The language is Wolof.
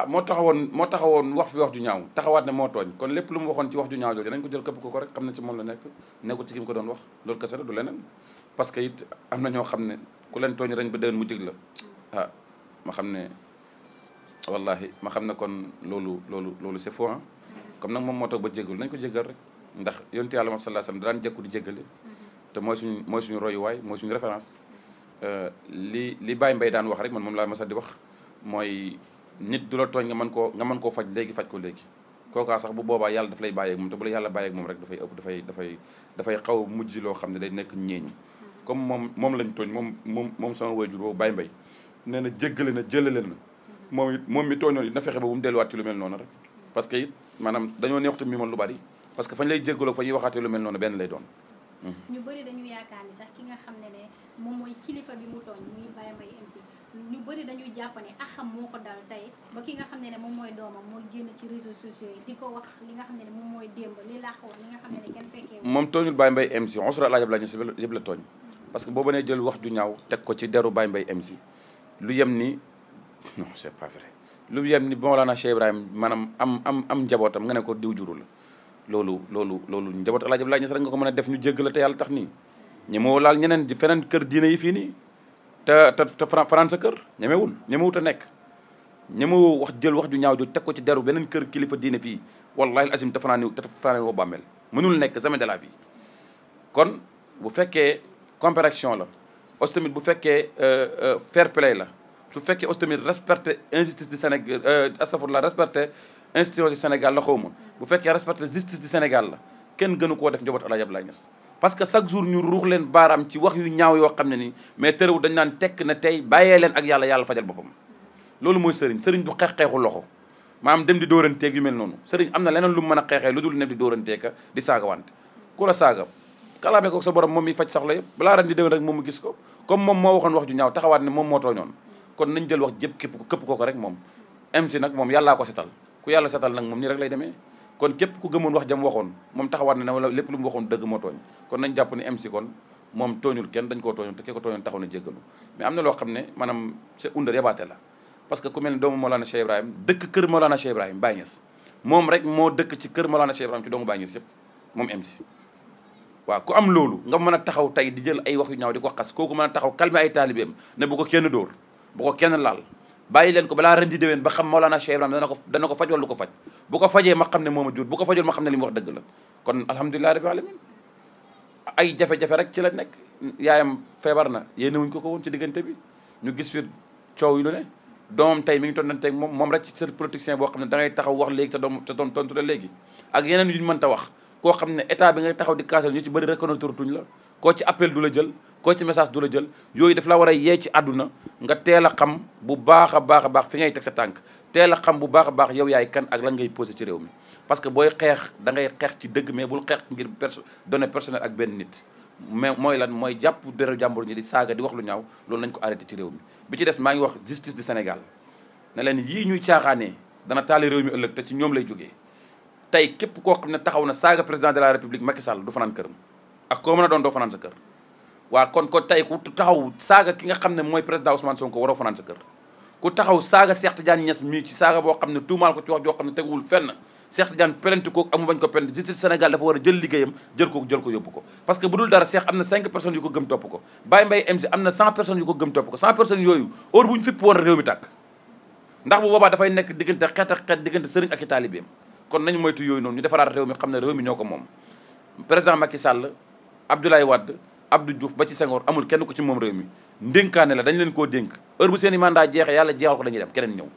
ah moo taxawoon moo taxawoon wax fi wax ju ñaaw taxawaat ne moo tooñ kon lépp lu mu waxoon ci wax ju ñaaw jooju nañ ko jël këpp ko ko rek xam ne ci moom la nekk nekkul ci ki mu ko doon wax loolu kese du leneen parce que it am na ñoo xam ne ku leen tooñ reñ ba déwén mu jig la ah, ma xam ne wallahi ma xam ne kon loolu loolu loolu c'est comme nag moom moo ba jégalu nañ ko jégal rek ndax yonent yàlla moom sallallahu alayhi wasallam daan jekku di jégale mm-hmm. te mooy suñu mooy suñu royuwaay mooy suñu référence mm-hmm. euh, li li Baye Mbaye daan wax rek man moom laa mas a di wax mooy nit du la tooñ nga man koo nga man koo faj léegi faj ko léegi kookaa sax bu boobaa yàlla daf lay bàyyeeg moom te bu la yàlla bàyyeeg moom rek dafay ëpp dafay dafay xaw mujj loo xam ne day nekk ñeeñ mm-hmm. comme moom moom lañ tooñ moom moom moom sama waajur boobu Baye mbay nee na jéggale na jëlale na mm-hmm. moom it moom mi tooñoon it na fexe ba bu mu delluwaat ci lu mel noonu rek mm-hmm. parce que it maanaam dañoo neextu mi moon lu bari parce que fañ lay jéggaloo fa waxaatee lu mel noonu benn lay doon ñu bëri dañu yaakaar ni sax ki nga xam ne ne moom mooy kilifa bi mu tooñ muy Baye Mbaye MC ñu bëri dañuy jàpp ne axam moo ko dal tey ba ki nga xam ne ne moom mooy doomam moom mooy démb li laax nga xam ne ne kenn fekkee moom tooñul tooñ parce que booba ne jël wax ju ñaaw teg ko ci deru Baye Mbaye MC lu yem ni non c'est pas vrai lu yem ni Mawlana Cheikh Ibrahim maanaam am am am njabootam nga ne ko diw juru la loolu loolu loolu njabootu El Hadj Abdoulaye Niass rek nga ko mën a def ñu jégg la te yàlla tax nii ñemewu laal ñeneen di feneen kër diine yi fii nii te te te France kër ñemewul ñemewut a nekk ñemewu wax jël wax ju ñaaw ju teg ko ci deru beneen kër kilifa diine fii wallahi al azim te fanaani te fanaani woo bàmmeel mënul nekk jamais de la vie kon bu fekkee comparaison la aussi tamit bu fekkee euh, euh, fair play la su fekkee aussi tamit respecté injustice du Sénégal euh, astafurlah respecté institution du Sénégal la xaw ma bu fekkee respecté justice du Sénégal la kenn gënu koo def njaboot Alaaji Abdoulaye Niass parce que chaque jour ñu ruux leen baaraam ci wax yu ñaaw yoo xam ne nii mais tërëw dañ naan tekk na tey bàyyee leen ak yàlla yàlla fajal boppam loolu mooy sëriñ sëriñ du xeex xeexu loxo maanaam dem di dóoranteeg yu mel noonu sëriñ am na leneen lu mën a xeexee lu dul ne di dóoranteeka di saagawante ku la saaga kalaame ko sa borom moom mi faj sax la yëpp balaa ren di déwén gis ko comme moom moo waxoon wax ju ñaaw taxawaat ne moom moo tooñoon kon nañ jël wax jëpp képp ko képp ko ko rek moom MC nag moom yàllaa ko setal ku yàlla setal nag moom nii rek lay demee kon képp ku gëmoon wax jam waxoon moom taxawaat ne wala lépp lu mu waxoon dëgg moo tooñ kon nañ jàpp ne MC kon moom tooñul kenn dañ koo tooñul taxaw na jéggalu mais am na loo xam ne maanaam c'est undal yabaate la parce que ku mel ne doomu Mawlana Cheikh Ibrahim dëkk kër Mawlana Cheikh Ibrahim Baye Niass moom rek moo dëkk ci kër Mawlana Cheikh Ibrahim ci doomu Baye Niass yëpp moom MC waaw ku am loolu nga mën a taxaw tey di jël ay wax yu ñaaw di ko xas kooku mën a taxaw calmer ay taalibeem ne bu ko kenn dóor ko kenn laal bàyyi leen ko balaa ren di déwén ba xam Maolana Cheikh Ibrahima dana ko dana ko faj wala du ko faj bu ko fajee ma xam ne mooma jur bu ko fajul ma xam ne li mu wax dëgg la kon alhamdulilah ay jafe rek ci la nekk yaayam feebar na yéene wuñ ko ko woon ci diggante bi ñu gis fi coow yi lu ne doomam tey mi ngi tontan tey moom moom rek ci politicien boo xam ne da ngay taxaw wax léegi sa doom sa doom tontu la léegi ak yeneen yuñ mënta wax koo xam ne état bi ngay taxaw di kaasal ñu ci bëri reconnaître tuñ la koo ci appel du la jël koo ci message du la jël yooyu daf la war a yee ci àdduna nga teel a xam bu baax a baax a baax fi ngay teg sa tànk teel a xam bu baax a baax yow yaay kan ak lan ngay posé ci réew mi parce que booy xeex da ngay xeex ci dëgg mais bul xeex ngir perso données personnelles ak benn nit mais mooy lan mooy jàpp dëru jàmbur ñi di saaga di wax lu ñaaw loolu nañ ko arrêté ci réew mi bi ci des maa ngi wax justice du Sénégal ne leen yii ñuy caaxaanee dana taali réew mi ëllëg te ci ñoom lay jógee tey képp koo xam ne taxaw na saaga président la république Macky Sall du fanaan këram koo a doon doo fanaan sa kër waa kon ko tey ku taxaw saaga ki nga xam ne mooy président Ousmane Sonko taxaw saaga Cheikh Tidiane Niass mii ci saaga boo xam ne tuumaal ko ci wax joo xam ne teguwul fenn Cheikh Tidiane plainte ko amu bañ ko plainte justice Sénégal dafa war a jël liggéeyam jël ko jël ko yóbbu ko parce que bu dul dara Cheikh am na cinq personnes yu ko gëm topp ko Baye Mbaye MC am na cent personnes yu ko gëm topp ko cent personnes yooyu heure bu ñu fipp woon réew mi tàkk ndax bu boobaa dafay nekk diggante xeet ak xeet diggante sëriñ ak i taalibeem kon nañu moytu yooyu noonu ñu defaraat réew mi xam ne réew mi ñoo ko moom président Macky Sall Abdou Diouf ba ci Senghor amul kenn ku ci moom réew mi ndénkaane la dañ leen koo dénk heure bu seen i mandat jeexee yàlla jeexal ko dañuy dem keneen ñëw